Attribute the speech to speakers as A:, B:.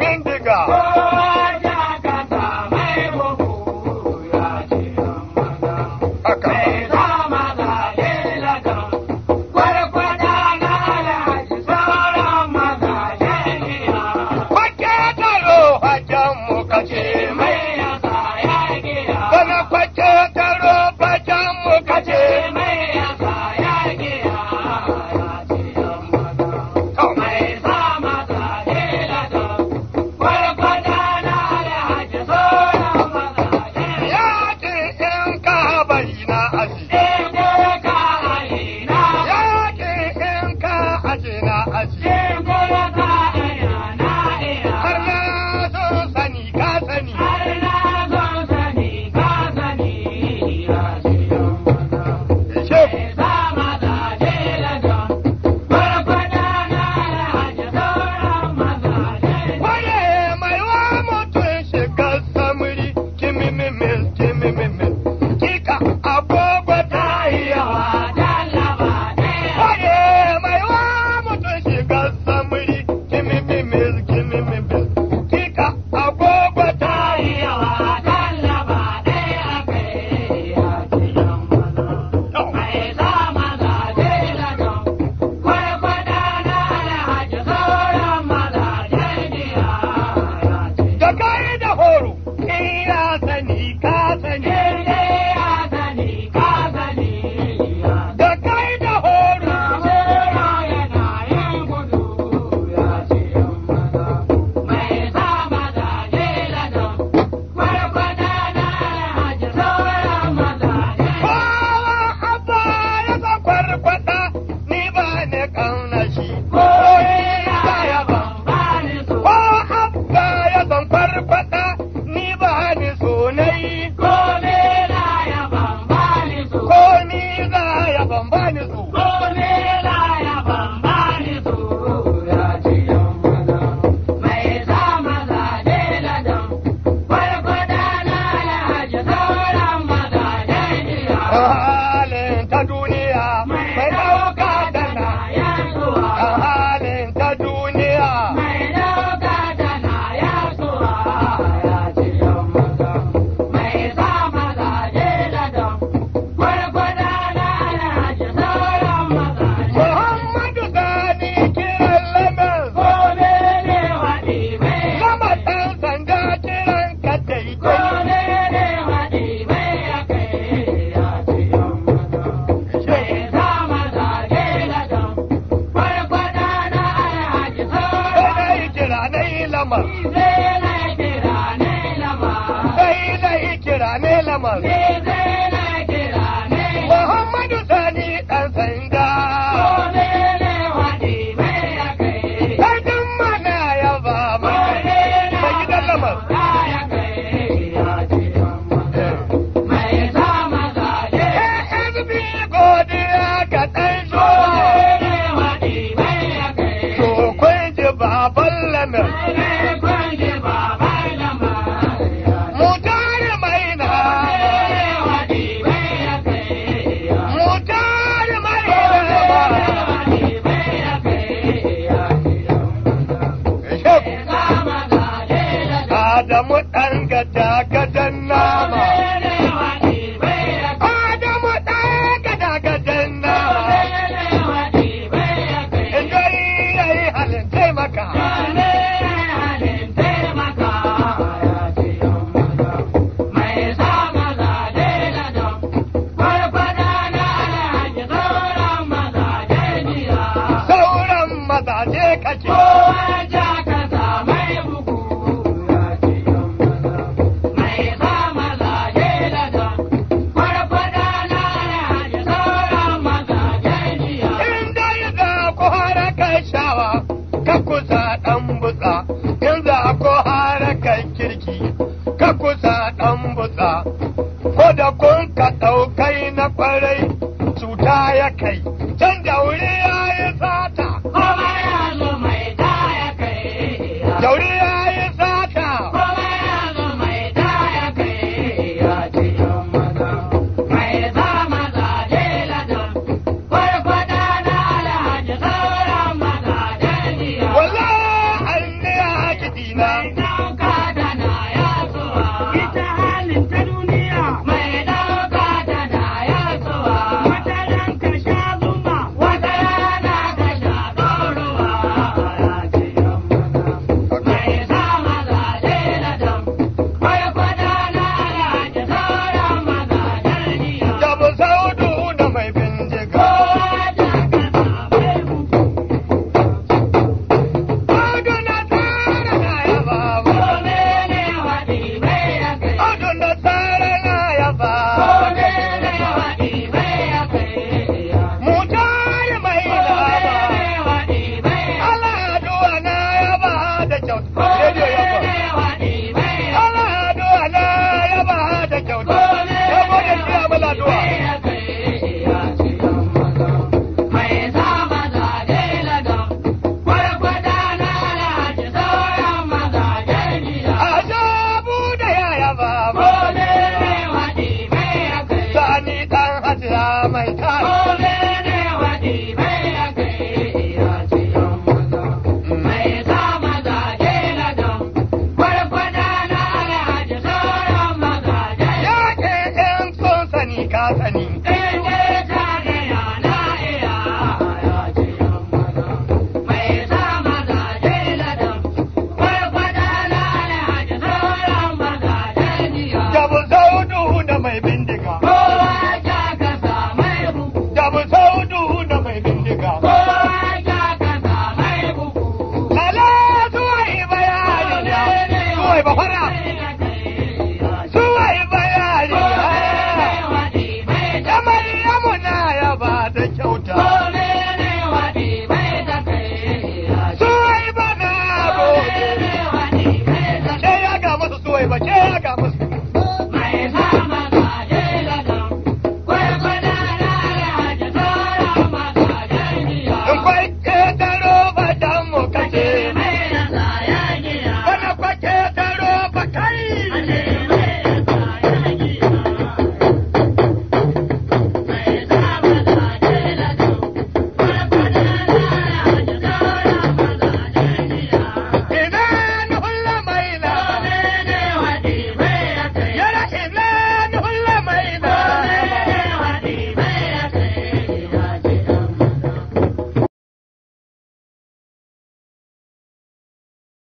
A: bang, bang. ¡Vamos! lamar. Sai na kira ne lamar. Sai na kira ne lamar. Adamu ɗan gada gadan qualquer coisa